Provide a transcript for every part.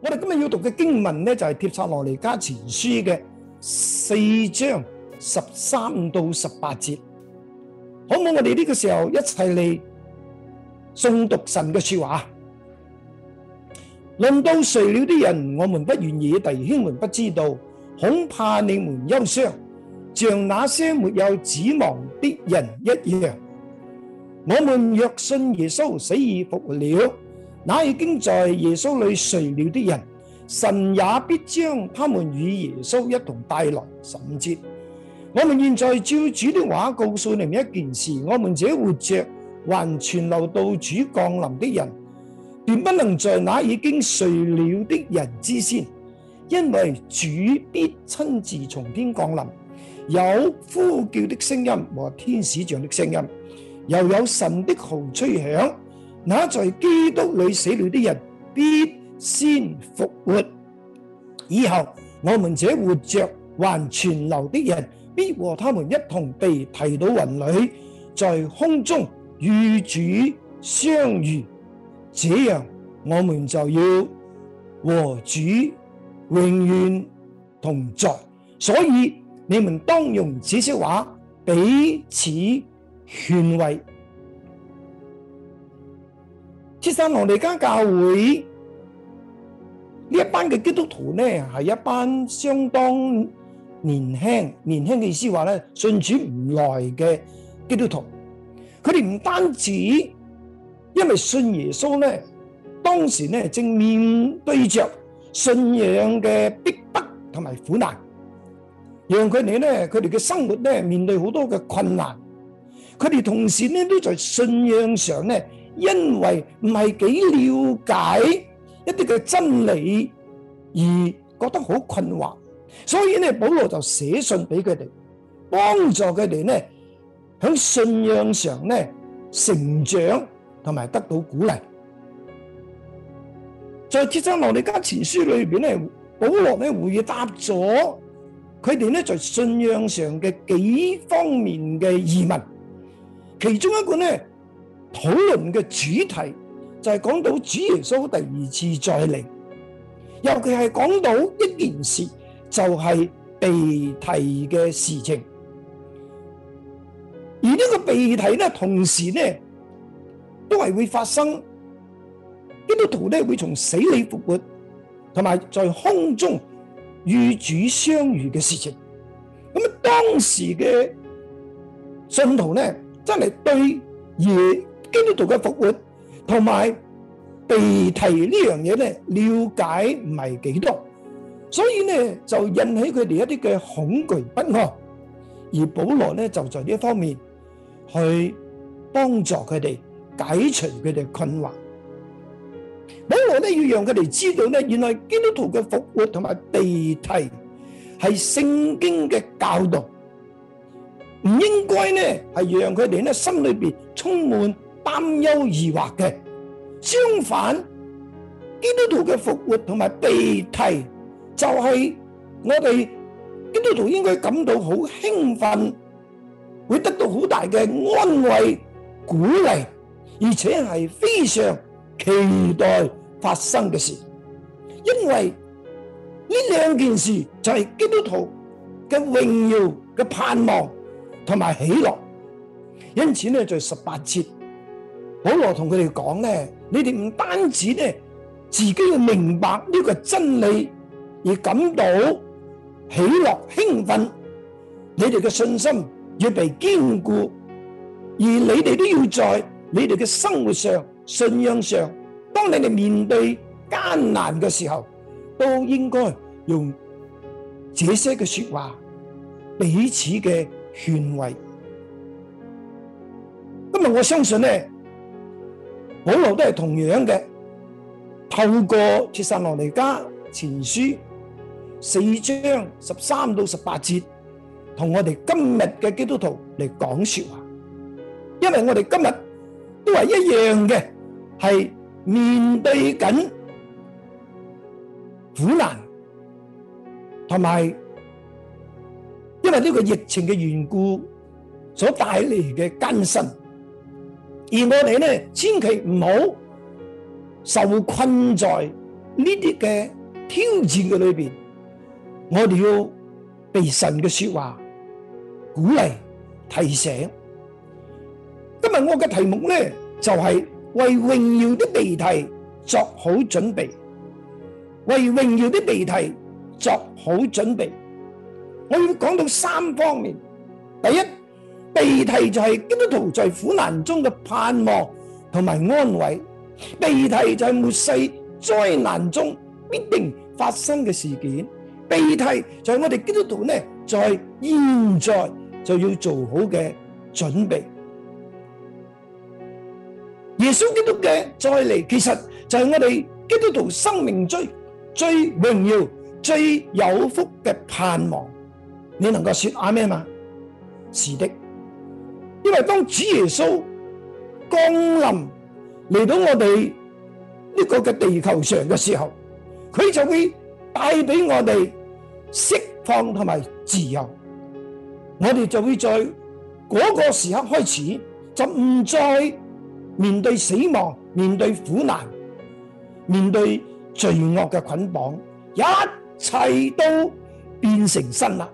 我哋今日要讀嘅經文呢，就係《帖撒羅尼加前書》嘅四章十三到十八節，好唔好？我哋呢個時候一齊嚟誦讀神嘅說話。論到睡了啲人，我們不願意弟兄們不知道，恐怕你們憂傷，像那些沒有指望的人一樣。我們若信耶穌死而復活了。那已經在耶穌裏睡了的人，神也必將他們與耶穌一同帶來。十五節，我們現在照主的話告訴你們一件事：我們這活着還存留到主降臨的人，便不能在那已經睡了的人之先，因為主必親自從天降臨，有呼叫的聲音和天使長的聲音，又有神的號吹響。那在基督裏死了的人，必先復活；以後，我們這活着還存留的人，必和他們一同被提到雲裏，在空中與主相遇。這樣，我們就要和主永遠同在。所以，你們當用這些話彼此勸慰。帖撒羅尼迦教會呢一班嘅基督徒咧，係一班相當年輕，年輕嘅意思話咧，信主唔耐嘅基督徒。佢哋唔單止因為信耶穌咧，當時咧正面對着信仰嘅逼迫同埋苦難，讓佢哋咧，佢哋嘅生活咧，面對好多嘅困難。佢哋同時呢，都在信仰上咧。因為唔係幾了解一啲嘅真理，而覺得好困惑，所以咧保羅就寫信俾佢哋，幫助佢哋咧喺信仰上咧成長同埋得到鼓勵。在《帖撒羅尼迦前書》裏邊咧，保羅咧回答咗佢哋咧在信仰上嘅幾方面嘅疑問，其中一個咧。討論嘅主題就係講到主耶穌第二次再嚟，尤其係講到一件事，就係被提嘅事情。而呢個被提呢，同時呢，都係會發生基督徒呢會從死裏復活，同埋在空中與主相遇嘅事情。咁啊，當時嘅信徒呢，真係對耶基督徒嘅復活同埋被提呢樣嘢咧，了解，唔係幾多，所以咧就引起佢哋一啲嘅恐懼不安。而保羅咧就在呢一方面去幫助佢哋解除佢哋困惑。保羅咧要讓佢哋知道咧，原來基督徒嘅復活同埋被提係聖經嘅教導，唔應該咧係讓佢哋咧心裏邊充滿擔憂疑惑嘅，相反，基督徒嘅復活同埋被提就係我哋基督徒應該感到好興奮，會得到好大嘅安慰、鼓勵，而且係非常期待發生嘅事。因為呢兩件事就係基督徒嘅榮耀嘅盼望同埋喜樂，因此咧就係十八節。保羅同佢哋講咧：你哋唔單止咧，自己要明白呢個真理而感到喜樂興奮，你哋嘅信心要被堅固，而你哋都要在你哋嘅生活上、信仰上，當你哋面對艱難嘅時候，都應該用這些嘅說話，彼此嘅勸慰。今日我相信咧。保羅都係同樣嘅，透過帖撒羅尼迦前書四章十三到十八節，同我哋今日嘅基督徒嚟講說話，因為我哋今日都係一樣嘅，係面對緊苦難，同埋因為呢個疫情嘅緣故所帶嚟嘅艱辛。而我哋咧，千祈唔好受困在呢啲嘅挑戰嘅裏邊，我哋要被神嘅說話鼓勵提醒。今日我嘅題目咧，就係為榮耀的被提作好準備，為榮耀的被提作好準備。我要講到三方面，第一。被提就係基督徒在苦難中嘅盼望同埋安慰，被提就係末世災難中必定發生嘅事件，被提就係我哋基督徒呢在現在就要做好嘅準備。耶穌基督嘅再嚟，其實就係我哋基督徒生命最最榮耀、最有福嘅盼望。你能夠說阿們嗎？是的。因為當主耶穌降臨嚟到我哋呢個嘅地球上嘅時候，佢就會帶畀我哋釋放同埋自由，我哋就會在嗰個時刻開始就唔再面對死亡、面對苦難、面對罪惡嘅捆綁，一切都變成新啦。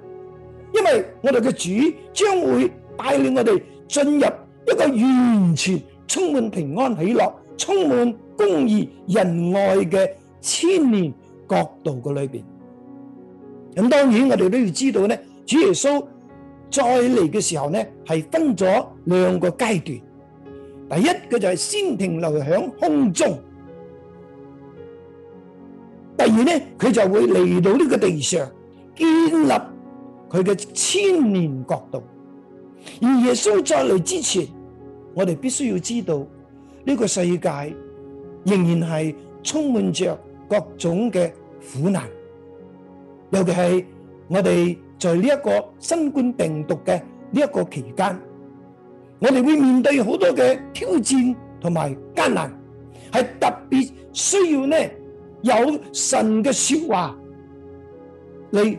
因為我哋嘅主將會帶領我哋。進入一個完全充滿平安喜樂、充滿公義仁愛嘅千年國度嘅裏邊。咁當然我哋都要知道咧，主耶穌再嚟嘅時候咧，係分咗兩個階段。第一個就係先停留響空中；第二咧，佢就會嚟到呢個地上，建立佢嘅千年國度。而耶穌再嚟之前，我哋必須要知道呢個世界仍然係充滿着各種嘅苦難，尤其係我哋在呢一個新冠病毒嘅呢一個期間，我哋會面對好多嘅挑戰同埋艱難，係特別需要呢有神嘅說話嚟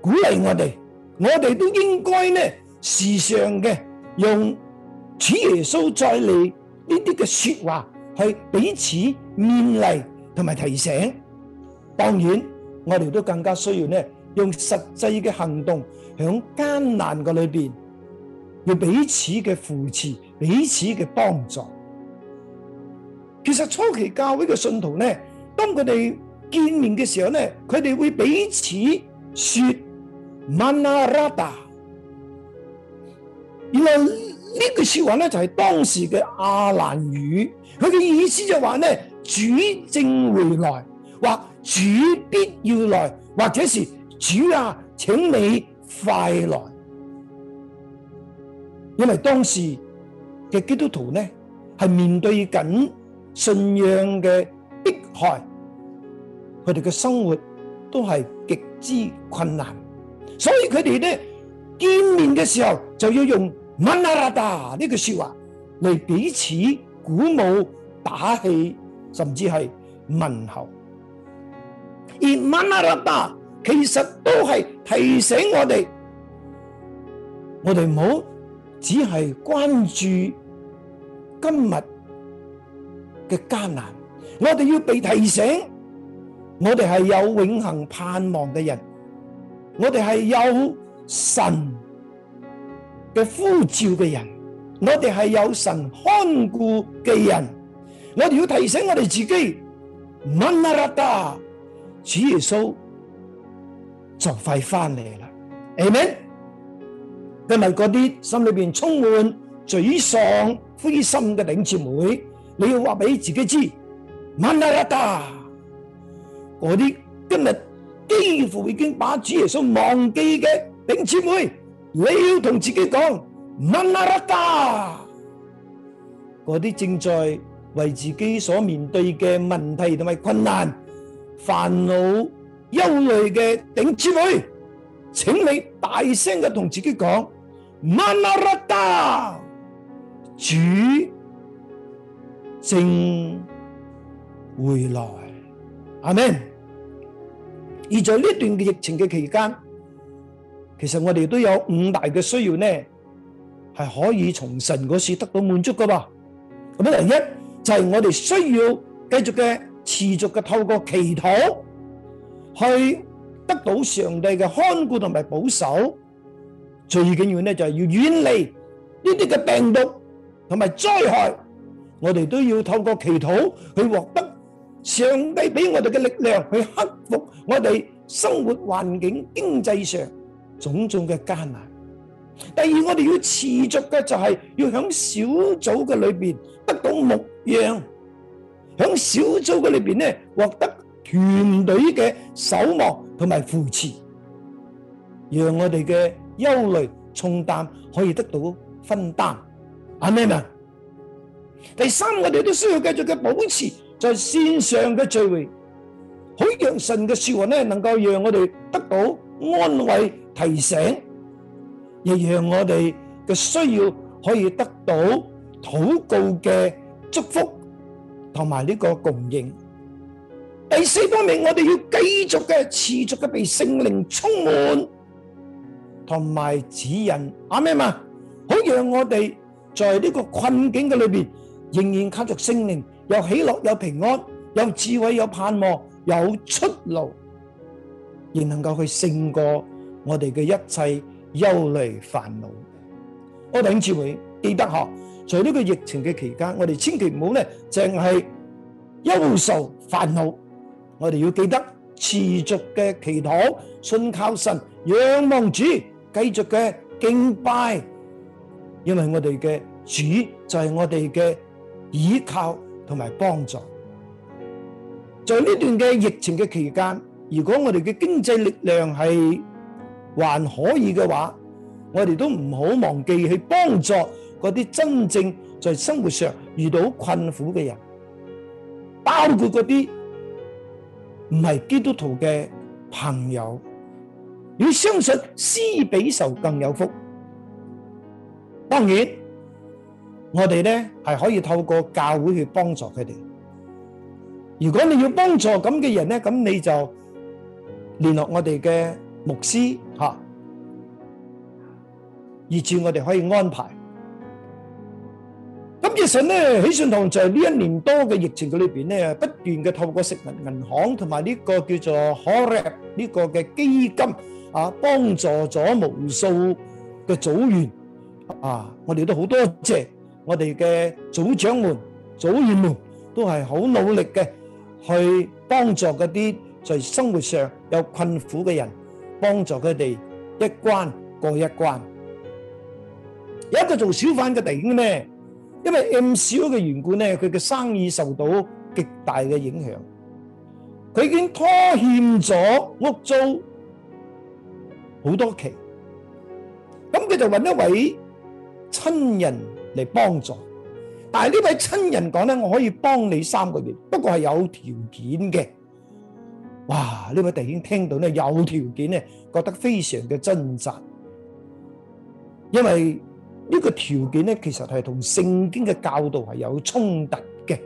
鼓勵我哋，我哋都應該呢。時尚嘅用主耶穌再嚟呢啲嘅説話去彼此勉勵同埋提醒，當然我哋都更加需要咧用實際嘅行動響艱難嘅裏邊，要彼此嘅扶持、彼此嘅幫助。其實初期教會嘅信徒咧，當佢哋見面嘅時候咧，佢哋會彼此説 Maranatha。原來呢句説話咧就係當時嘅阿蘭語，佢嘅意思就係話咧主正回來，或主必要來，或者是主啊請你快來，因為當時嘅基督徒咧係面對緊信仰嘅迫害，佢哋嘅生活都係極之困難，所以佢哋咧。見面嘅時候就要用“蚊啦啦噠”呢句說話嚟，彼此鼓舞打氣，甚至係問候。而“蚊啦啦噠”其實都係提醒我哋，我哋唔好只係關注今日嘅艱難，我哋要被提醒，我哋係有永恒盼望嘅人，我哋係有。神嘅呼召嘅人，我哋係有神看顧嘅人，我哋要提醒我哋自己，萬納拉達，主耶穌就快翻嚟啦，阿門。今日嗰啲心裏邊充滿沮喪灰心嘅領袖，你要話俾自己知，萬納拉達，嗰啲今日幾乎已經把主耶穌忘記嘅。頂姊妹，你要同自己講，Maranatha。嗰啲正在為自己所面對嘅問題同埋困難、煩惱、憂慮嘅頂姊妹，請你大聲嘅同自己講，Maranatha。主正回來，阿門。而在呢一段嘅疫情嘅期間。其實我哋都有五大嘅需要呢，係可以從神嗰處得到滿足噶噃。咁第一就係、是、我哋需要繼續嘅持續嘅透過祈禱去得到上帝嘅看顧同埋保守。最緊要咧就係、是、要遠離呢啲嘅病毒同埋災害。我哋都要透過祈禱去獲得上帝俾我哋嘅力量去克服我哋生活環境、經濟上，種種嘅艱難。第二，我哋要持續嘅就係要喺小組嘅裏邊得到牧養，喺小組嘅裏邊咧獲得團隊嘅守望同埋扶持，讓我哋嘅憂慮重擔可以得到分擔。阿咩文？第三，我哋都需要繼續嘅保持在線上嘅聚會，可以讓神嘅說話呢，能夠讓我哋得到安慰。提醒，亦讓我哋嘅需要可以得到禱告嘅祝福，同埋呢個供應。第四方面，我哋要繼續嘅持續嘅被聖靈充滿，同埋指引阿咩啊，好讓我哋在呢個困境嘅裏邊，仍然靠着聖靈，有喜樂，有平安，有智慧，有盼望，有出路，而能夠去勝過。我哋嘅一切憂慮煩惱，我哋住會記得嗬。在呢個疫情嘅期間，我哋千祈唔好咧淨係憂愁煩惱，我哋要記得持續嘅祈禱、信靠神、仰望主、繼續嘅敬拜，因為我哋嘅主就係我哋嘅倚靠同埋幫助。在呢段嘅疫情嘅期間，如果我哋嘅經濟力量係，還可以嘅話，我哋都唔好忘記去幫助嗰啲真正在生活上遇到困苦嘅人，包括嗰啲唔係基督徒嘅朋友。要相信施比受更有福。當然，我哋咧係可以透過教會去幫助佢哋。如果你要幫助咁嘅人咧，咁你就聯絡我哋嘅牧師。以至，我哋可以安排咁。其實咧，喜信堂就係呢一年多嘅疫情嘅裏邊咧，不斷嘅透過食物銀行同埋呢個叫做 Correct 呢個嘅基金啊，幫助咗無數嘅組員啊。我哋都好多謝我哋嘅組長們、組員們，都係好努力嘅去幫助嗰啲在生活上有困苦嘅人，幫助佢哋一關過一關。有一個做小販嘅弟兄咩？因為 MCO 嘅緣故咧，佢嘅生意受到極大嘅影響。佢已經拖欠咗屋租好多期，咁佢就揾一位親人嚟幫助。但係呢位親人講咧，我可以幫你三個月，不過係有條件嘅。哇！呢位弟兄聽到咧，有條件咧，覺得非常嘅掙扎，因為。呢個條件咧，其實係同聖經嘅教導係有衝突嘅。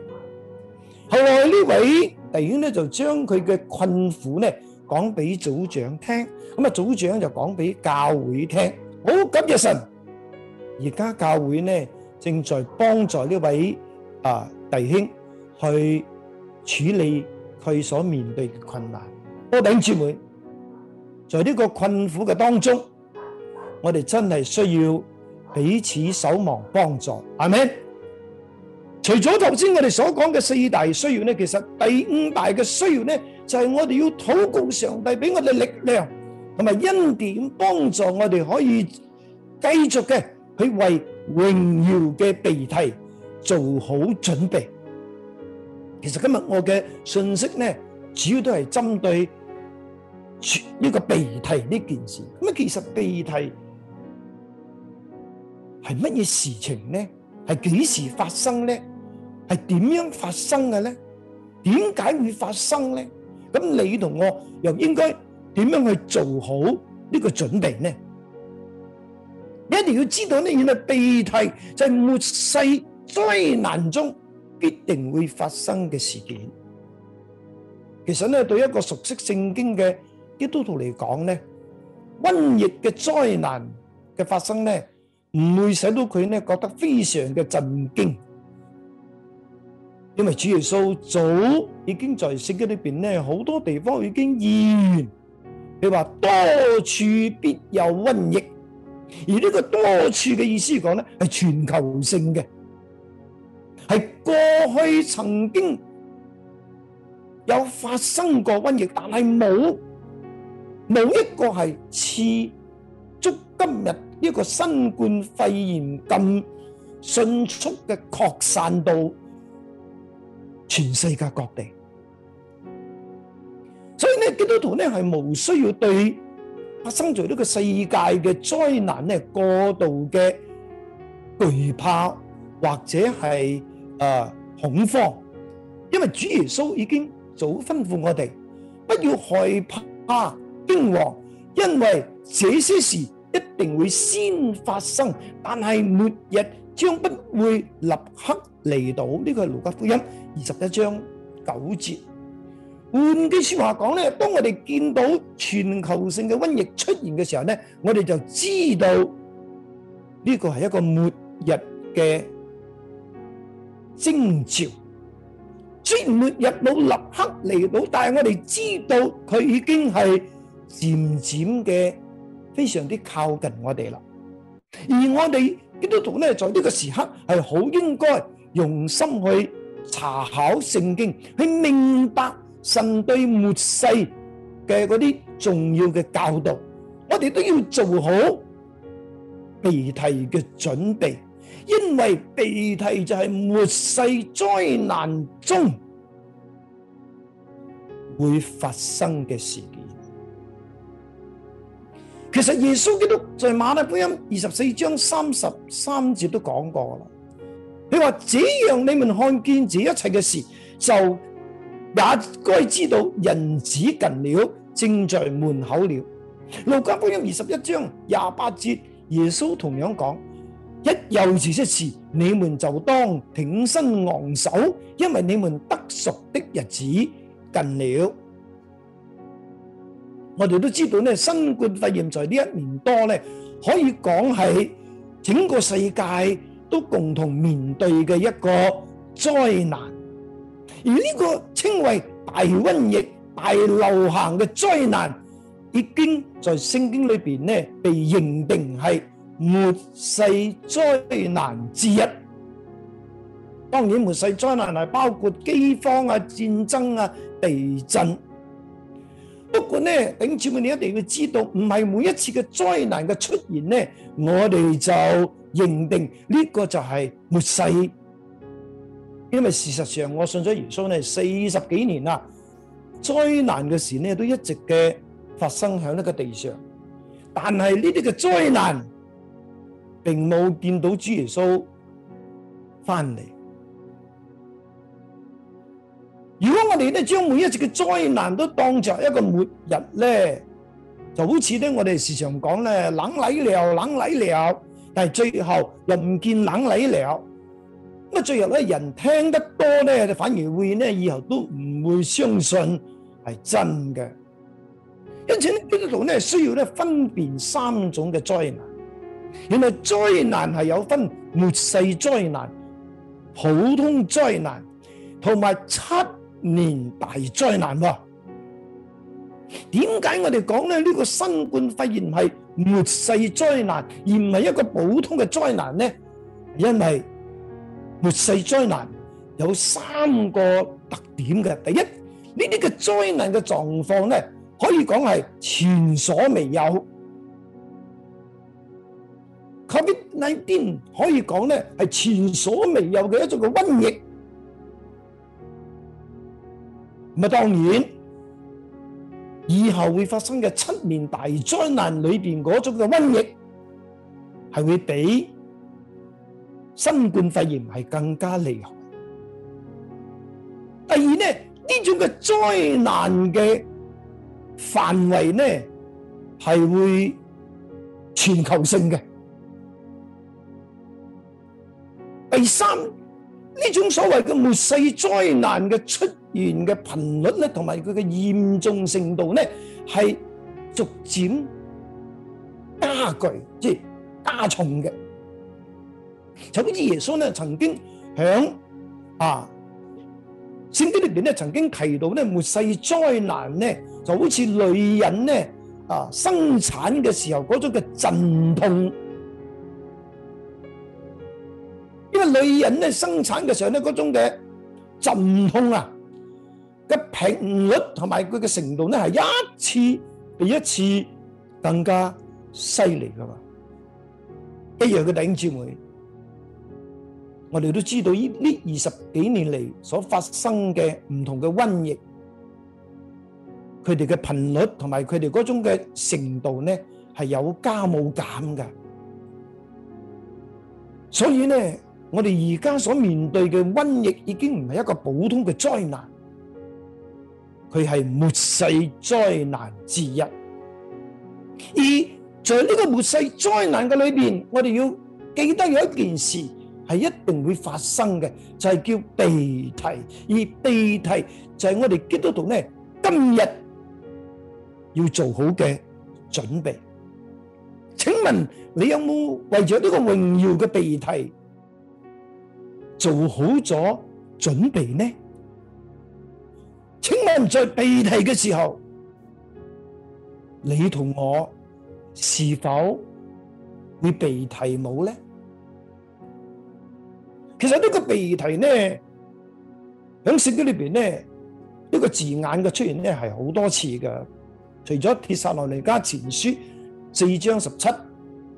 後來呢位弟兄咧就將佢嘅困苦咧講俾組長聽，咁啊組長就講俾教會聽。好，感謝神。而家教會咧正在幫助呢位啊弟兄去處理佢所面對嘅困難。哥頂姊妹，在呢個困苦嘅當中，我哋真係需要。彼此守望幫助，係咪？除咗頭先我哋所講嘅四大需要咧，其實第五大嘅需要咧，就係我哋要禱告上帝俾我哋力量同埋恩典，幫助我哋可以繼續嘅去為榮耀嘅被提做好準備。其實今日我嘅信息咧，主要都係針對呢個被提呢件事。咁啊，其實被提，係乜嘢事情呢？係幾時發生呢？係點樣發生嘅呢？點解會發生呢？咁你同我又應該點樣去做好呢個準備呢？你一定要知道呢件嘅被提，就係末世災難中必定會發生嘅事件。其實呢，對一個熟悉聖經嘅基督徒嚟講呢，瘟疫嘅災難嘅發生呢，唔會使到佢呢覺得非常嘅震驚，因為主耶穌早已經在聖經裏邊呢好多地方已經預言，佢話多處必有瘟疫，而呢個多處嘅意思講呢係全球性嘅，係過去曾經有發生過瘟疫，但係冇冇一個係似足今日。一個新冠肺炎咁迅速嘅擴散到全世界各地，所以呢基督徒呢係無需要對發生在呢個世界嘅災難呢過度嘅懼怕或者係誒恐慌，因為主耶穌已經早吩咐我哋不要害怕驚惶，因為這些事。一定會先發生，但係末日將不會立刻嚟到。呢個係《路加福音》二十一章九節。換句說話講咧，當我哋見到全球性嘅瘟疫出現嘅時候咧，我哋就知道呢個係一個末日嘅徵兆。雖然末日冇立刻嚟到，但係我哋知道佢已經係漸漸嘅。非常之靠近我哋啦，而我哋基督徒咧，在呢個時刻係好應該用心去查考聖經，去明白神對末世嘅嗰啲重要嘅教導。我哋都要做好被提嘅準備，因為被提就係末世災難中會發生嘅事件。其實，我哋都知道咧，新冠肺炎在呢一年多咧，可以講係整個世界都共同面對嘅一個災難。而呢個稱為大瘟疫、大流行嘅災難，已經在聖經裏邊咧被認定係末世災難之一。當然，末世災難係包括饑荒啊、戰爭啊、地震。不過呢，弟兄們，你一定要知道，唔係每一次嘅災難嘅出現呢，我哋就認定呢個就係末世。因為事實上，我信咗耶穌呢四十幾年啦，災難嘅事呢都一直嘅發生響呢個地上，但係呢啲嘅災難並冇見到主耶穌翻嚟。如果我哋咧將每一次嘅災難都當作一個末日咧，就好似咧我哋時常講咧狼來了，狼來了，但係最後又唔見狼來了，咁啊最後咧人聽得多咧就反而會咧以後都唔會相信係真嘅。因此咧呢一度咧需要咧分辨三種嘅災難。原來災難係有分末世災難、普通災難同埋七。年大災難喎、啊，點解我哋講咧，呢、呢個新冠肺炎係末世災難，而唔係一個普通嘅災難呢？因為末世災難有三個特點嘅。第一，呢啲嘅災難嘅狀況咧，可以講係前所未有，喺呢邊可以講咧係前所未有嘅一種嘅瘟疫。咁啊，當然以後會發生嘅七年大災難裏邊嗰種嘅瘟疫，係會比新冠肺炎係更加厲害。第二呢，呢種嘅災難嘅範圍呢係會全球性嘅。第三，呢種所謂嘅末世災難嘅出原嘅頻率咧，同埋佢嘅嚴重程度咧，係逐漸加劇，即係加重嘅。就好似耶穌咧，曾經響啊《聖經》裏面咧，曾經提到咧末世災難咧，就好似女人咧啊生產嘅時候嗰種嘅陣痛，因為女人咧生產嘅時候咧嗰種嘅陣痛啊，嘅頻率同埋佢嘅程度咧，係一次比一次更加犀利噶一樣嘅弟兄姊妹，我哋都知道呢呢二十幾年嚟所發生嘅唔同嘅瘟疫，佢哋嘅頻率同埋佢哋嗰種嘅程度咧，係有加冇減嘅。所以咧，我哋而家所面對嘅瘟疫已經唔係一個普通嘅災難。佢係末世災難之一，而在呢個末世災難嘅裏邊，我哋要記得有一件事係一定會發生嘅，就係叫被提，而被提就係我哋基督徒咧今日要做好嘅準備。請問你有冇為咗呢個榮耀嘅被提做好咗準備呢？請我問在被提嘅時候，你同我是否會被提冇咧？其實這個避呢個被提咧，響聖經裏邊咧，呢、這個字眼嘅出現咧係好多次嘅。除咗《帖撒羅尼迦前書》四章十七，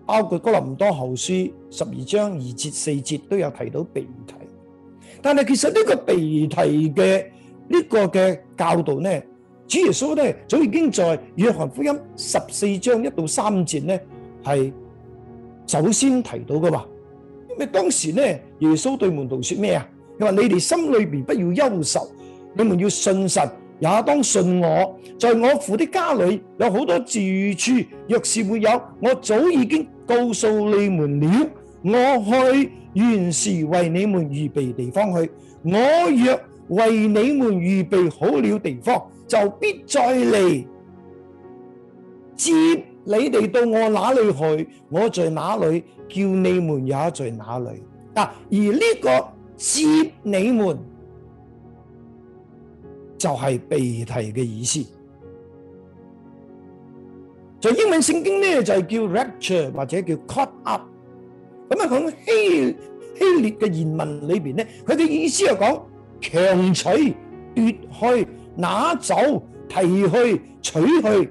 包括《哥林多後書》十二章二節四節都有提到被提，但係其實呢個被提嘅。呢個嘅教導呢，主耶穌呢早已經在約翰福音十四章一到三節呢係首先提到㗎嘛，因為當時呢耶穌對門徒説咩啊？佢話你哋心裏面不要憂愁，你們要信神，也當信我，在我父的家裏有好多住處，若是沒有，我早已經告訴你們了。我去原是為你們預備地方去，我若為你們預備好了地方，就必再嚟接你哋到我那裏去。我在哪裏，叫你們也在哪裏。嗱，而呢個接你們就係、是、被提嘅意思。在英文聖經呢就係、是、叫 Rapture 或者叫 caught up。咁啊，喺希希臘嘅言文裏邊呢，佢嘅意思係講。強取奪去、拿走、提去、取去，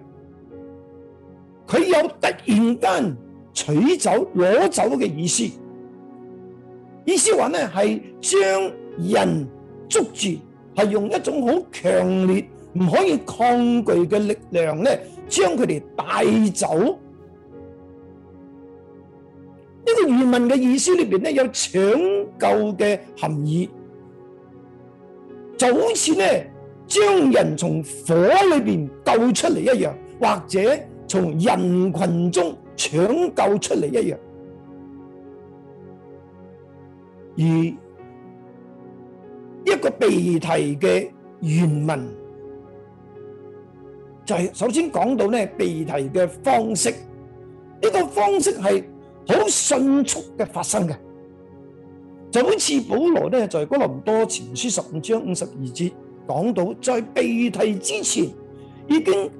佢有突然間取走攞走嘅意思。意思話呢係將人捉住，係用一種好強烈唔可以抗拒嘅力量咧，將佢哋帶走。呢個漁民嘅意思裏邊咧有搶救嘅含義。就好似咧，將人從火裏邊救出嚟一樣，或者從人群中搶救出嚟一樣。而一個被提嘅原文，就係、是、首先講到咧被提嘅方式，呢、這個方式係好迅速嘅發生嘅。就好似保羅咧，在、就係、哥林多前書十五章五十二節講到，在被提之前已經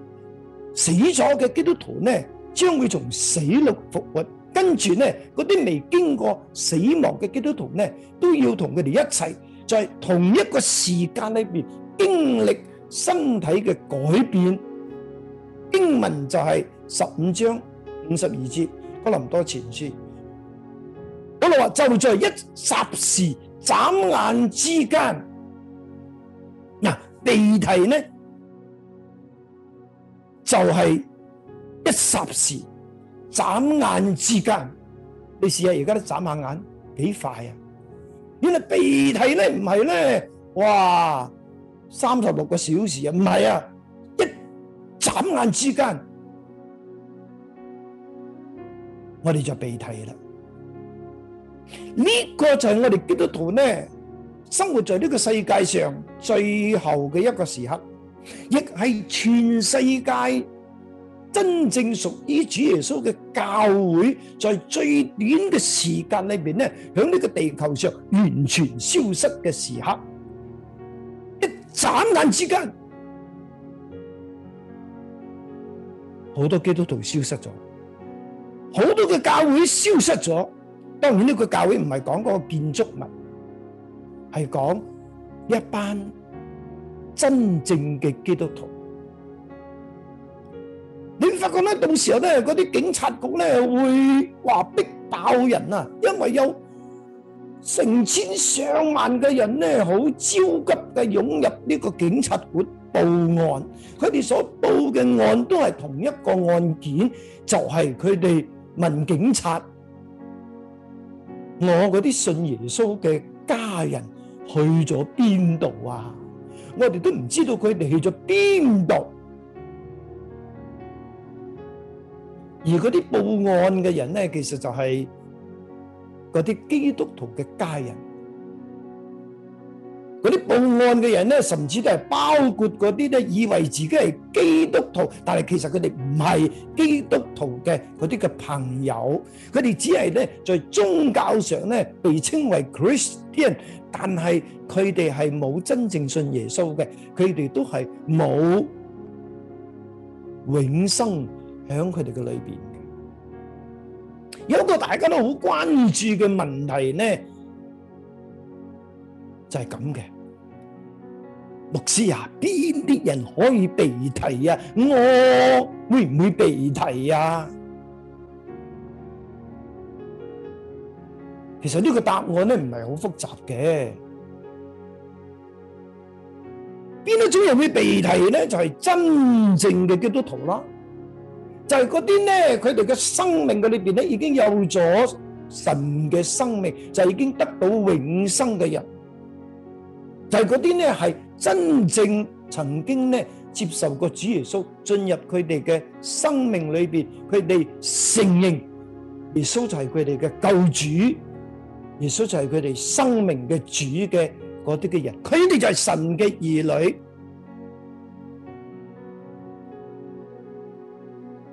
死咗嘅基督徒呢，將會從死裏復活，跟住呢，嗰啲未經過死亡嘅基督徒呢，都要同佢哋一齊，在、就係、同一個時間裏邊經歷身體嘅改變。經文就係十五章五十二節《哥林多前書》。我話就在一霎時眨眼之間，嗱，鼻涕呢就係、是、一霎時眨眼之間。你試下而家都眨下眼，幾快啊？原來鼻涕呢唔係咧，哇，三十六個小時啊，唔係啊，一眨眼之間，我哋就鼻涕啦。呢個就係我哋基督徒呢，生活在呢個世界上最後嘅一個時刻，亦係全世界真正屬於主耶穌嘅教會，在最短嘅時間裏邊呢，響呢個地球上完全消失嘅時刻，一眨眼之間，好多基督徒消失咗，好多嘅教會消失咗。當然呢個教會唔係講嗰個建築物，係講一班真正嘅基督徒。你發覺咧，到時候咧，嗰啲警察局咧會話逼爆人啊，因為有成千上萬嘅人咧，好焦急嘅湧入呢個警察館報案，佢哋所報嘅案都係同一個案件，就係佢哋問警察。我嗰啲信耶穌嘅家人去咗邊度啊？我哋都唔知道佢哋去咗邊度。而嗰啲報案嘅人呢，其實就係嗰啲基督徒嘅家人。嗰啲報案嘅人咧，甚至都係包括嗰啲咧，以為自己係基督徒，但係其實佢哋唔係基督徒嘅嗰啲嘅朋友，佢哋只係咧在宗教上咧，被稱為 Christian，但係佢哋係冇真正信耶穌嘅，佢哋都係冇永生喺佢哋嘅裏邊嘅。有一個大家都好關注嘅問題咧。就係咁嘅牧師啊！邊啲人可以被提啊？我會唔會被提啊？其實呢個答案咧唔係好複雜嘅。邊一種人會被提咧？就係、是、真正嘅基督徒啦，啊。就係嗰啲咧，佢哋嘅生命嘅裏邊咧已經有咗神嘅生命，就係、已經得到永生嘅人。就係嗰啲咧，係真正曾經咧接受過主耶穌進入佢哋嘅生命裏邊，佢哋承認耶穌就係佢哋嘅救主，耶穌就係佢哋生命嘅主嘅嗰啲嘅人，佢哋就係神嘅兒女。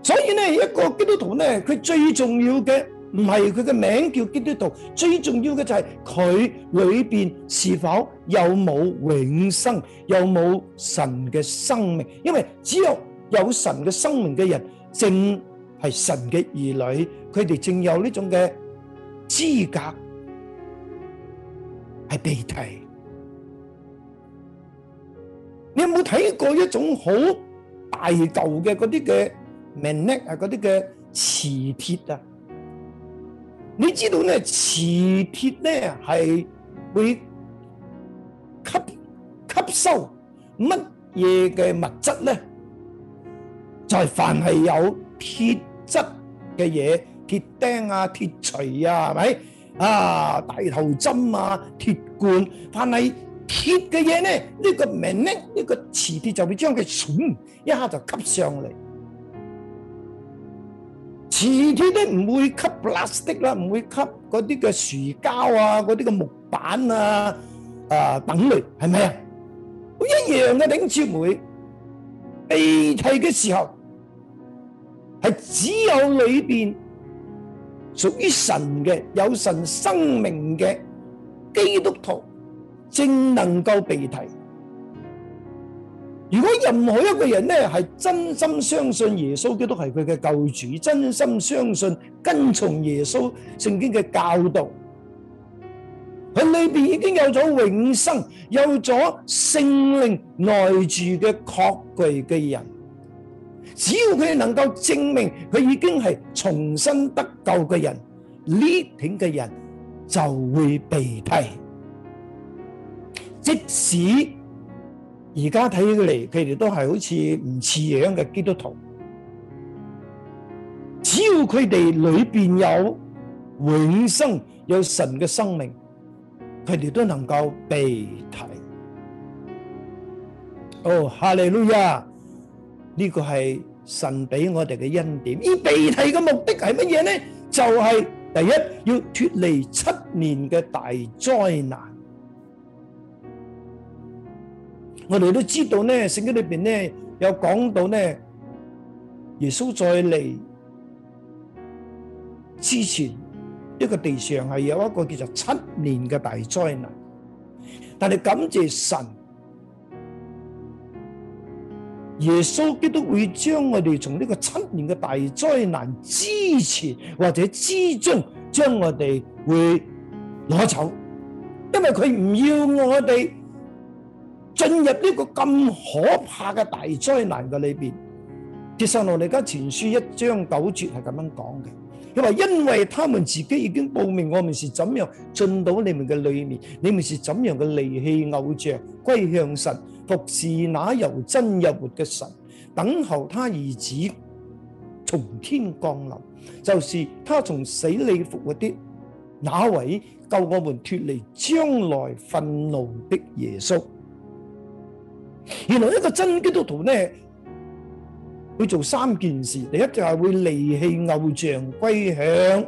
所以咧，一個基督徒咧，佢最重要嘅。唔係佢嘅名叫基督徒，最重要嘅就係佢裏邊是否有冇永生，有冇神嘅生命？因為只有有神嘅生命嘅人，正係神嘅兒女，佢哋正有呢種嘅資格係被提。你有冇睇過一種好大嚿嘅嗰啲嘅名粒啊？嗰啲嘅磁鐵啊？你知道咧磁鐵咧，係會吸吸收乜嘢嘅物質咧，就係凡係有鐵質嘅嘢，鐵釘啊鐵錘啊係咪啊？大頭針啊鐵罐，凡係鐵嘅嘢咧，呢個名咧，呢個磁鐵就會將佢儲一下就吸上嚟。遲啲都唔會吸 Plastic 啦，唔會吸嗰啲嘅樹膠啊，嗰啲嘅木板啊，啊等類，係咪啊？一樣嘅頂住梅，被提嘅時候係只有裏邊屬於神嘅，有神生命嘅基督徒正能夠被提。如果任何一個人咧，係真心相信耶穌基督係佢嘅救主，真心相信跟從耶穌聖經嘅教導，佢裏邊已經有咗永生、有咗聖靈內住嘅確據嘅人，只要佢能夠證明佢已經係重生得救嘅人，呢啲嘅人就會被提，即使。而家睇起嚟，佢哋都係好似唔似樣嘅基督徒。只要佢哋裏邊有永生，有神嘅生命，佢哋都能夠被提。哦，哈利路亞！呢個係神俾我哋嘅恩典。而被提嘅目的係乜嘢呢？就係第一要脫離七年嘅大災難。我哋都知道咧，聖經裏邊咧有講到咧，耶穌再嚟之前，呢個地上係有一個叫做七年嘅大災難。但係感謝神，耶穌基督會將我哋從呢個七年嘅大災難之前或者之中，將我哋會攞走，因為佢唔要我哋。進入呢個咁可怕嘅大災難嘅裏邊，《帖撒羅尼迦前書》一章九節係咁樣講嘅。因為因為他們自己已經報明，我們是怎樣進到你們嘅裏面，你們是怎樣嘅離棄偶像，歸向神，服事那又真又活嘅神，等候他兒子從天降臨，就是他從死裏復活的那位救我們脫離將來憤怒的耶穌。原來一個真基督徒呢，會做三件事：第一就係會離棄偶像歸向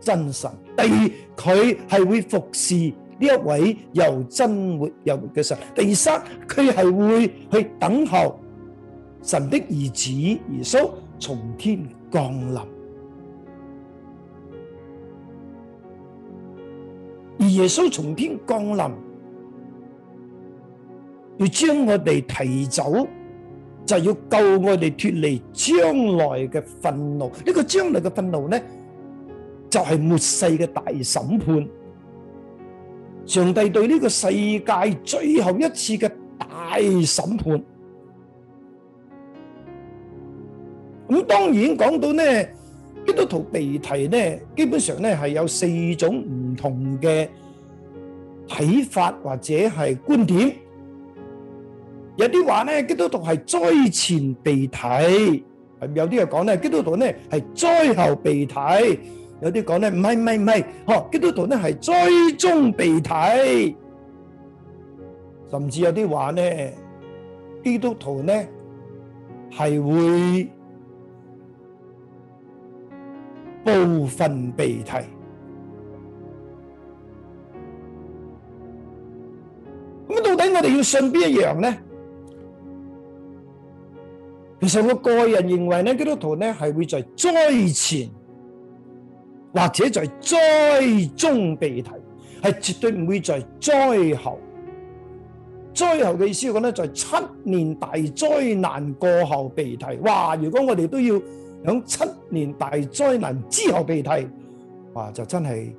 真神；第二佢係會服侍呢一位又真活又活嘅神；第三佢係會去等候神的兒子耶穌從天降臨。而耶穌從天降臨。要將我地提走，就要救我地脫離將來的憤怒。這個將來的憤怒呢，就是末世的大審判。上帝對這個世界最後一次的大審判。咁當然講到呢，基督徒被提呢，基本上呢，是有四種不同的睇法或者是觀點。有啲話咧，基督徒係災前被提；有啲又講咧，基督徒咧係災後被提；有啲講咧，唔係唔係唔係，嗬，基督徒咧係災中被提。甚至有啲話咧，基督徒咧係會部分被提。咁到底我哋要信邊一樣咧？其實我個人認為咧，基督徒咧係會在災前或者在災中被提，係絕對唔會在災後。災後嘅意思講咧，就在七年大災難過後被提。哇！如果我哋都要響七年大災難之後被提，哇，就真係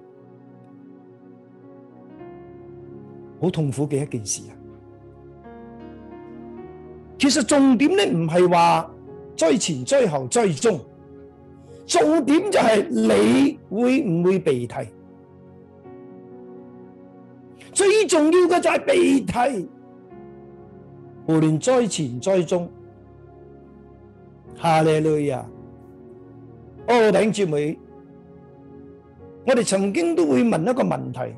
好痛苦嘅一件事啊！其實重點咧唔係話災前災後災中。重點就係你會唔會被提？最重要嘅就係被提，無論災前災中。哈利路亞，哦，弟兄姊妹，我哋曾經都會問一個問題：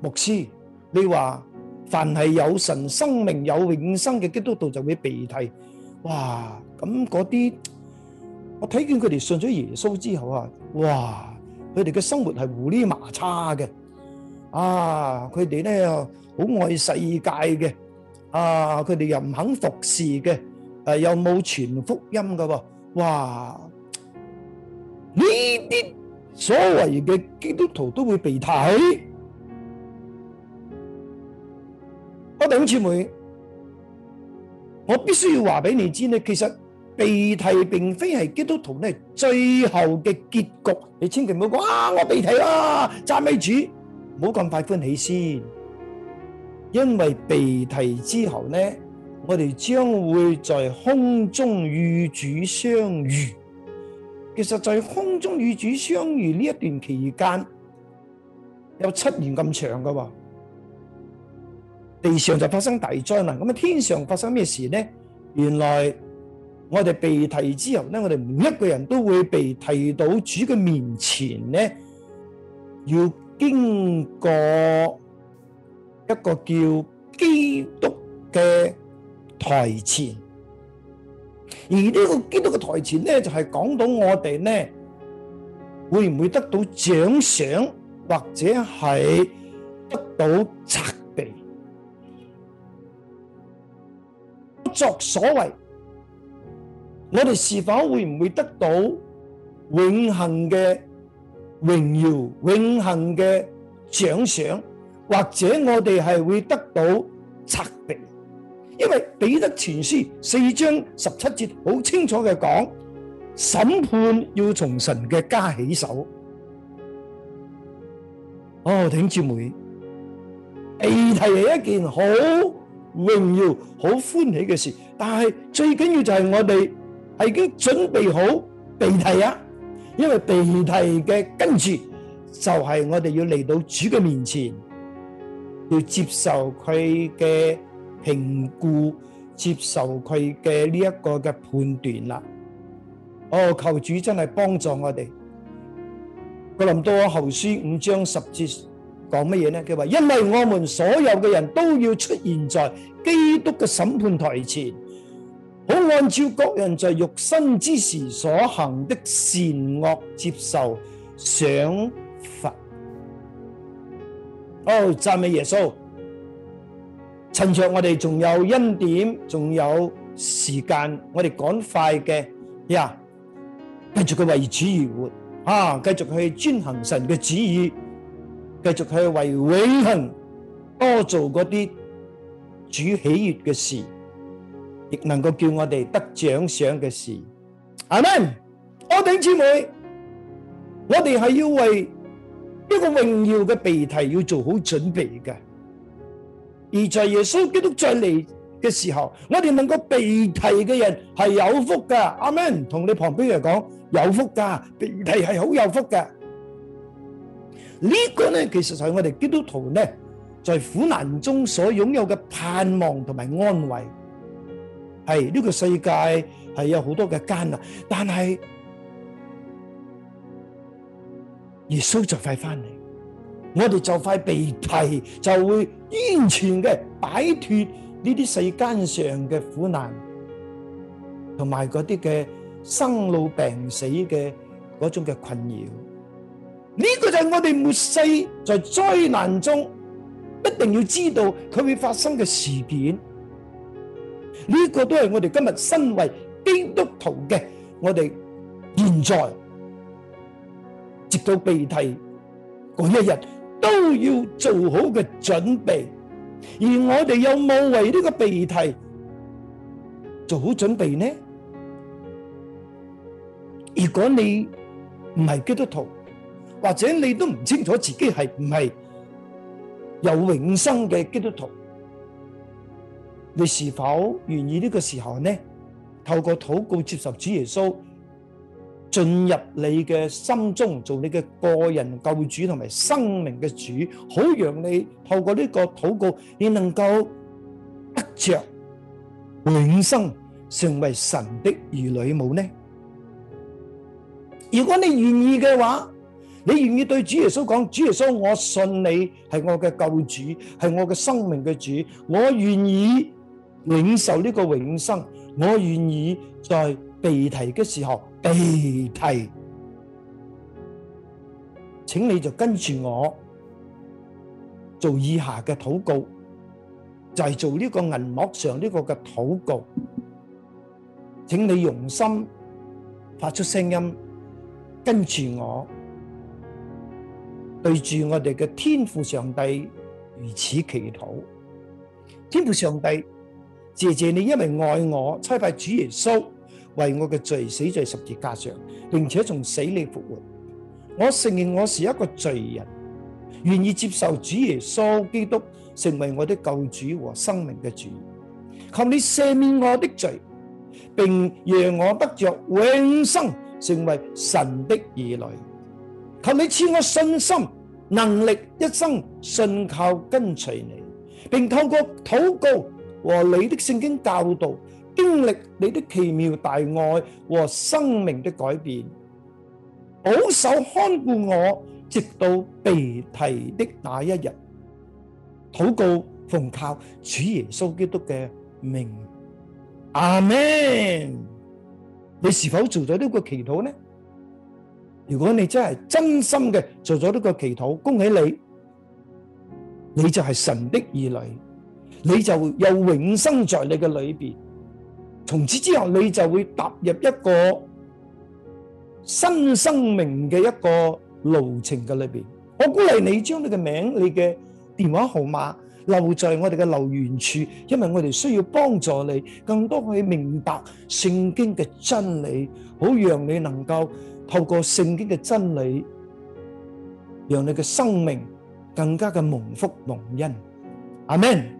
牧師，你話？凡係有神生命、有永生嘅基督徒就會被提。哇！咁嗰啲，我睇見佢哋信咗耶穌之後啊，哇！佢哋嘅生活係糊哩麻叉嘅。啊！佢哋咧好愛世界嘅。啊！佢哋又唔肯服侍嘅。誒，又冇傳福音㗎喎。哇！呢啲所謂嘅基督徒都會被提。我弟兄姊、姊妹，我必須要話俾你知咧，其實被提並非係基督徒咧最後嘅結局，你千祈唔好講啊！我被提啊，讚美主，唔好咁快歡喜先，因為被提之後咧，我哋將會在空中與主相遇。其實，在空中與主相遇呢一段期間，有七年咁長噶喎。地上就發生大災難，咁啊天上發生咩事呢？原來我哋被提之後呢，我哋每一個人都會被提到主嘅面前呢，要經過一個叫基督嘅台前，而呢個基督嘅台前呢，就係講到我哋呢會唔會得到獎賞，或者係得到賊。不作所為，我哋是否會唔會得到永恒嘅榮耀、永恒嘅獎賞？或者我哋係會得到拆地？因為彼得前書四章十七節好清楚嘅講，審判要從神嘅家起手。哦，頂姊妹，議題係一件好，榮耀好歡喜嘅事，但係最緊要就係我哋係已經準備好被提啊！因為被提嘅跟住就係我哋要嚟到主嘅面前，要接受佢嘅評估，接受佢嘅呢一個嘅判斷啦。哦，求主真係幫助我哋。哥林多後書五章十節。講乜嘢呢？佢話，因為我們所有嘅人都要出現在基督嘅審判台前，好按照各人在肉身之時所行的善惡，接受賞罰。哦，讚美耶穌！趁着我哋仲有恩典，仲有時間，我哋趕快嘅呀，繼續去為主而活啊！繼續去遵行神嘅旨意，繼續去為永恒多做嗰啲主喜悦嘅事，亦能夠叫我哋得獎賞嘅事，阿們。我弟兄姊妹，我哋係要為一個榮耀嘅被提要做好準備嘅。而在耶穌基督再嚟嘅時候，我哋能夠被提嘅人係有福嘅，阿們。同你旁邊人講，有福噶被提係好有福嘅。這個、呢個咧，其實就係我哋基督徒咧，在苦難中所擁有嘅盼望同埋安慰。係呢、這個世界係有好多嘅艱難，但係耶穌就快翻嚟，我哋就快被提，就會完全嘅擺脫呢啲世間上嘅苦難，同埋嗰啲嘅生老病死嘅嗰種嘅困擾。呢個就係我哋末世在災難中一定要知道佢會發生嘅事件，呢個都係我哋今日身為基督徒嘅我哋現在直到被提嗰一日都要做好嘅準備，而我哋有冇為呢個被提做好準備呢？如果你唔係基督徒，或者你都唔清楚自己係唔係有永生嘅基督徒，你是否願意呢個時候呢？透過禱告接受主耶穌進入你嘅心中，做你嘅個人救主，同埋生命嘅主，好讓你透過呢個禱告，你能夠得着永生，成為神的兒女母呢？如果你願意嘅話，你願意對主耶穌講，主耶穌，我信你係我嘅救主，係我嘅生命嘅主，我願意領受呢個永生，我願意在被提嘅時候被提，請你就跟住我做以下嘅禱告，就係做呢個銀幕上呢個嘅禱告，請你用心發出聲音，跟住我。對住我哋嘅天父上帝如此祈禱，天父上帝，謝謝你，因為愛我，差派主耶穌為我嘅罪死在十字架上，並且從死裡復活。我承認我是一個罪人，願意接受主耶穌基督成為我的救主和生命嘅主。求你赦免我的罪，並讓我得着永生，成為神的兒女。求你賜我信心。能力一生信靠跟隨你，並透過禱告和你的聖經教導，經歷你的奇妙大愛和生命的改變，保守看顧我，直到被提的那一日。禱告奉靠主耶穌基督嘅名，阿門。你是否做咗呢個祈禱呢？如果你真係真心嘅做咗呢個祈禱，恭喜你，你就係神的兒女，你就有永生在你嘅裏邊。從此之後，你就會踏入一個新生命嘅一個路程嘅裏邊。我鼓勵你將你嘅名、你嘅電話號碼留在我哋嘅留言處，因為我哋需要幫助你，更多去明白聖經嘅真理，好讓你能夠。透過聖經嘅真理，讓你嘅生命更加嘅蒙福蒙恩。阿門。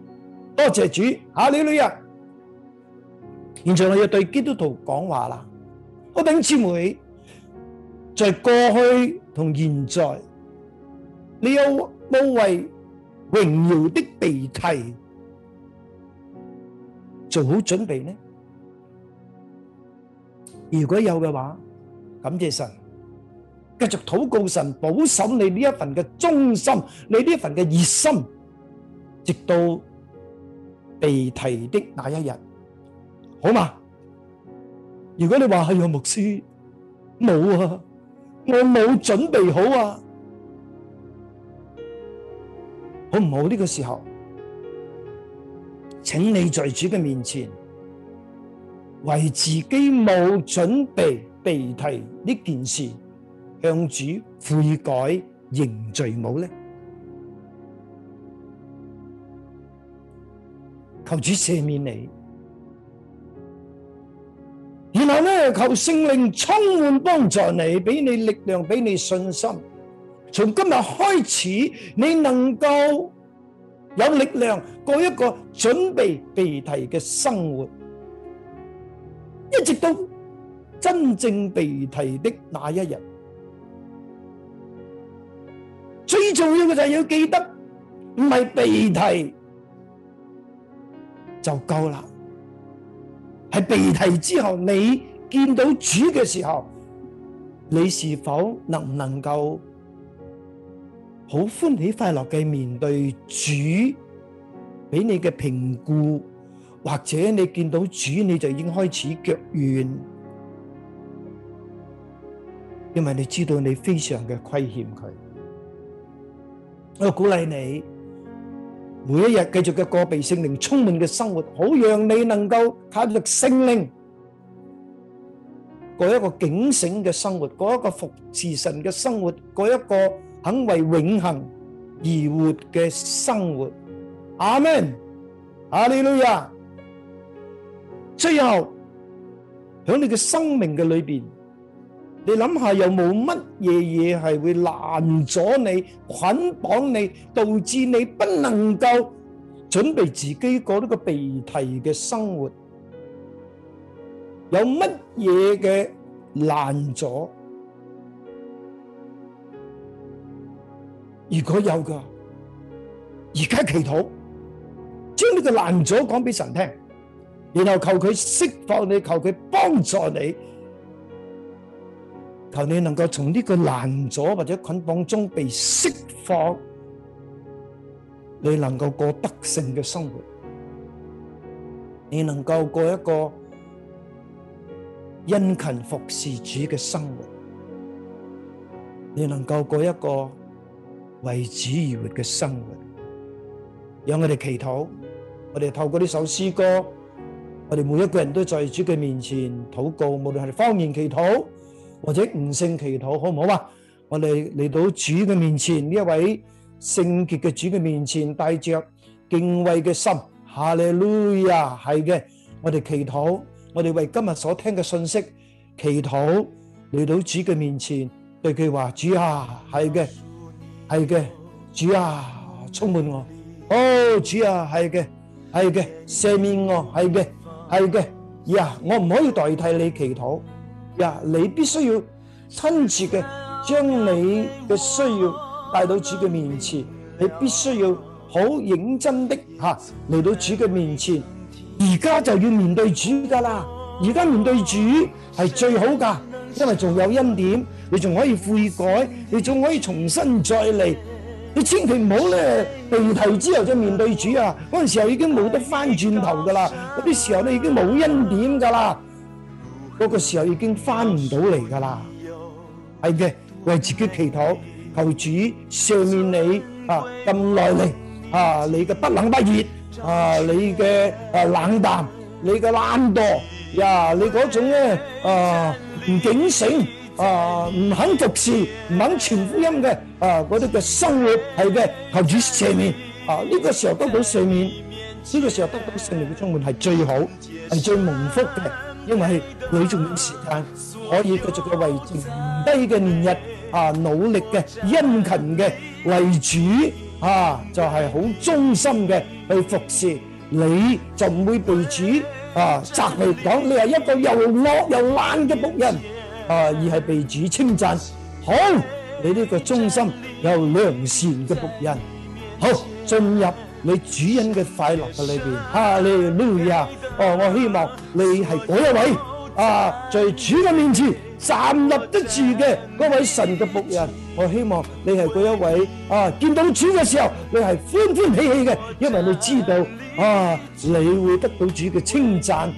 多謝主。下呢兩日，現在我要對基督徒講話啦。我哋姊妹，在過去同現在，你有冇為榮耀的被提做好準備呢？如果有嘅話，感謝神，繼續禱告神保守你呢一份嘅忠心，你呢份嘅熱心，直到被提的那一日，好嗎？如果你話係有牧師，冇啊，我冇準備好啊，好唔好呢個時候，請你在主嘅面前為自己冇準備。被提，呢件事，向主悔改認罪冇咧，求主赦免你，然後咧求聖靈充滿幫助你，俾你力量，俾你信心。從今日開始，你能夠有力量過一個準備被提嘅生活，一直到。真正被提的那一日，最重要嘅就係要記得，唔係被提就夠啦，係被提之後，你見到主嘅時候，你是否能唔能夠好歡喜快樂嘅面對主俾你嘅評估，或者你見到主你就已經開始腳軟？因為你知道你非常嘅虧欠佢，我鼓勵你每一日繼續嘅過被聖靈充滿嘅生活，好讓你能夠靠着聖靈過一個警醒嘅生活，過一個服侍神嘅生活，過一個肯為永恆而活嘅生活。阿門。阿利路亞，最後響你嘅生命嘅裏邊。你諗下，又冇乜嘢嘢係會攔阻你、捆綁你，導致你不能夠準備自己過呢個鼻提嘅生活，有乜嘢嘅攔阻？如果有㗎，而家祈禱，將呢個攔阻講俾神聽，然後求佢釋放你，求佢幫助你。求你能夠從呢個攔阻或者捆綁中被釋放，你能夠過得勝嘅生活，你能夠過一個殷勤服侍主嘅生活，你能夠過一個為主而活嘅生活。讓我哋祈禱，我哋透過呢首詩歌，我哋每一個人都在主嘅面前禱告，無論係方言祈禱。或者唔勝祈禱好唔好啊？我哋嚟到主嘅面前，呢一位聖潔嘅主嘅面前，帶着敬畏嘅心，哈利路亞，係嘅。我哋祈禱，我哋為今日所聽嘅信息祈禱，嚟到主嘅面前，對佢話：主啊，係嘅，係嘅，主啊，充滿我。哦，主啊，係嘅，係嘅，赦免我，係嘅，係嘅。呀，我唔可以代替你祈禱。呀，你必須要親自嘅將你嘅需要帶到主嘅面前，你必須要好認真地吓嚟到主嘅面前。而家就要面對主噶啦，而家面對主係最好噶，因為仲有恩典，你仲可以悔改，你仲可以重新再嚟。你千祈唔好咧，被提之後再面對主啊，嗰陣時候已經冇得翻轉頭噶啦，嗰啲時候咧已經冇恩典噶啦。嗰個時候已經翻唔到嚟㗎啦，係嘅，為自己祈禱，求主赦免你啊！咁耐力啊，你嘅不冷不熱啊，你嘅啊冷淡，你嘅懶惰呀，你嗰種咧啊唔警醒啊唔肯服侍，唔肯傳福音嘅啊嗰啲嘅生活係嘅，求主赦免啊！呢個時候得到赦免，呢個時候得到勝利嘅充滿係最好，係最蒙福嘅。因為你仲有時間，可以繼續嘅為主低嘅年日啊，努力嘅殷勤嘅為主啊，就係好忠心嘅去服侍你，就唔會被主啊責嚟講，你係一個又惡又懶嘅僕人啊，而係被主稱讚，好你呢個忠心又良善嘅僕人，好進入。你主人嘅快樂嘅裏邊，哈利路亞！哦，我希望你係嗰一位啊，在主嘅面前站立得住嘅嗰位神嘅僕人，我希望你係嗰一位啊，見到主嘅時候，你係歡歡喜喜嘅，因為你知道啊，你會得到主嘅稱讚，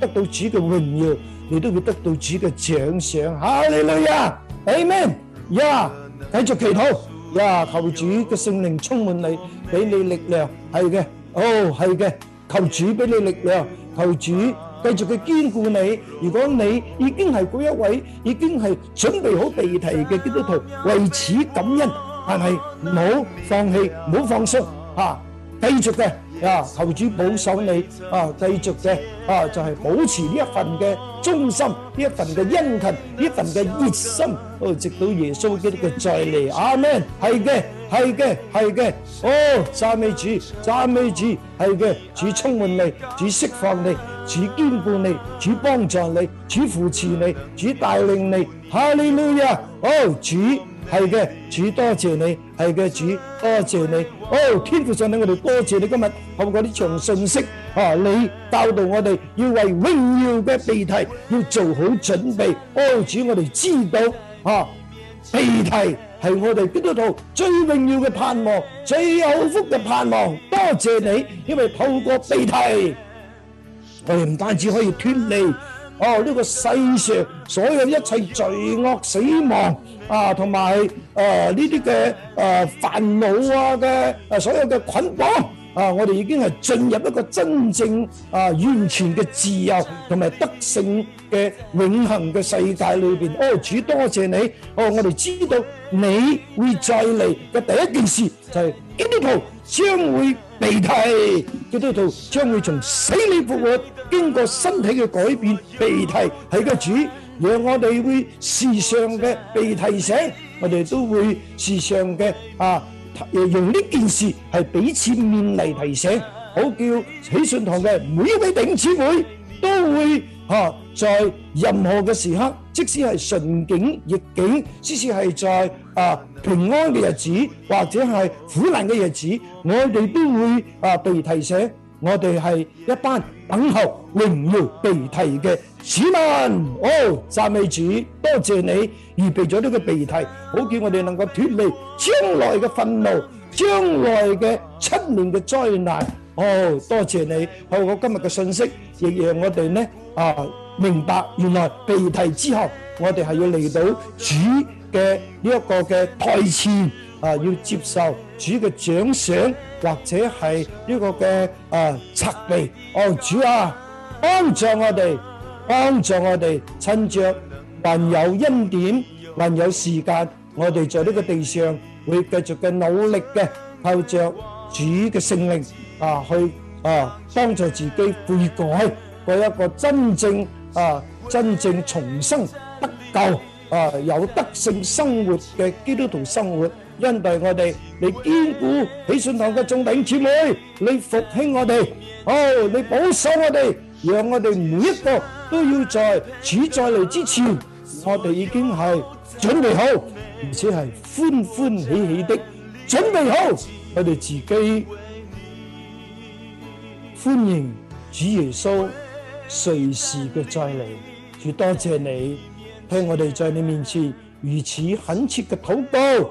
得到主嘅榮耀，你都會得到主嘅獎賞。哈利路亞！Amen！呀，繼續祈禱，呀，求主嘅聖靈充滿你。俾你力量，係嘅，哦，係嘅，求主俾你力量，求主繼續嘅堅固你。如果你已經係嗰一位，已經係準備好被提嘅基督徒，為此感恩，但係唔好放棄，唔好放鬆，吓，繼續嘅，啊，求主保守你，啊，繼續嘅，啊，就係保持呢一份嘅忠心，呢一份嘅殷勤，呢一份嘅熱心，哦，直到耶穌基督嘅再嚟，阿門，係嘅。係嘅，係嘅，哦，讚美主，讚美主，係嘅，主充滿你，主釋放你，主堅固你，主幫助你，主扶持你，主帶領你，哈利路亞，哦，主，係嘅，主多謝你，係嘅，主多謝你，哦，天父上帝，我哋多謝你今日透過呢場信息啊，你教導我哋要為榮耀嘅被提要做好準備，哦，主我哋知道啊，被提。係我哋基督徒最榮耀嘅盼望，最有福嘅盼望。多謝你，因為透過鼻涕，我哋唔單止可以脫離哦呢個世上所有一切罪惡、死亡啊，同埋啊呢啲嘅啊煩惱啊嘅啊所有嘅捆綁。啊！我哋已經係進入一個真正啊完全嘅自由同埋德性嘅永恆嘅世界裏邊。哦，主多謝你！哦，我哋知道你會再嚟嘅第一件事就係基督徒將會被提。基督徒將會從死裏復活，經過身體嘅改變被提。係個主讓我哋會時常嘅被提醒，我哋都會時常嘅啊。用呢件事係彼此面嚟提醒，好叫喜信堂嘅每一位弟兄姊妹都會啊，在任何嘅時刻，即使係順境逆境，即使係在啊平安嘅日子，或者係苦難嘅日子，我哋都會啊被提醒。我哋係一班等候榮耀被提嘅子民，哦，讚美主，多謝你預備咗呢個被提，好叫我哋能夠脫離將來嘅憤怒、將來嘅七年嘅災難。哦，多謝你，好，我今日嘅信息，亦讓我哋呢啊明白，原來被提之後，我哋係要嚟到主嘅呢一個嘅台前啊，要接受主嘅獎賞。或者係呢個嘅啊，設備哦，主啊，幫助我哋，幫助我哋趁著還有恩典，還有時間，我哋在呢個地上會繼續嘅努力嘅，靠着主嘅聖靈啊，去啊幫助自己悔改，過一個真正啊真正重生得救啊，有德性生活嘅基督徒生活。恩待我哋，嚟堅固喜信堂嘅眾弟兄姊妹，你復興我哋，哦，你保守我哋，讓我哋每一個都要在主再嚟之前，我哋已經係準備好，而且係歡歡喜喜的準備好，我哋自己歡迎主耶穌隨時嘅再嚟。主多謝你，聽我哋在你面前如此懇切嘅禱告。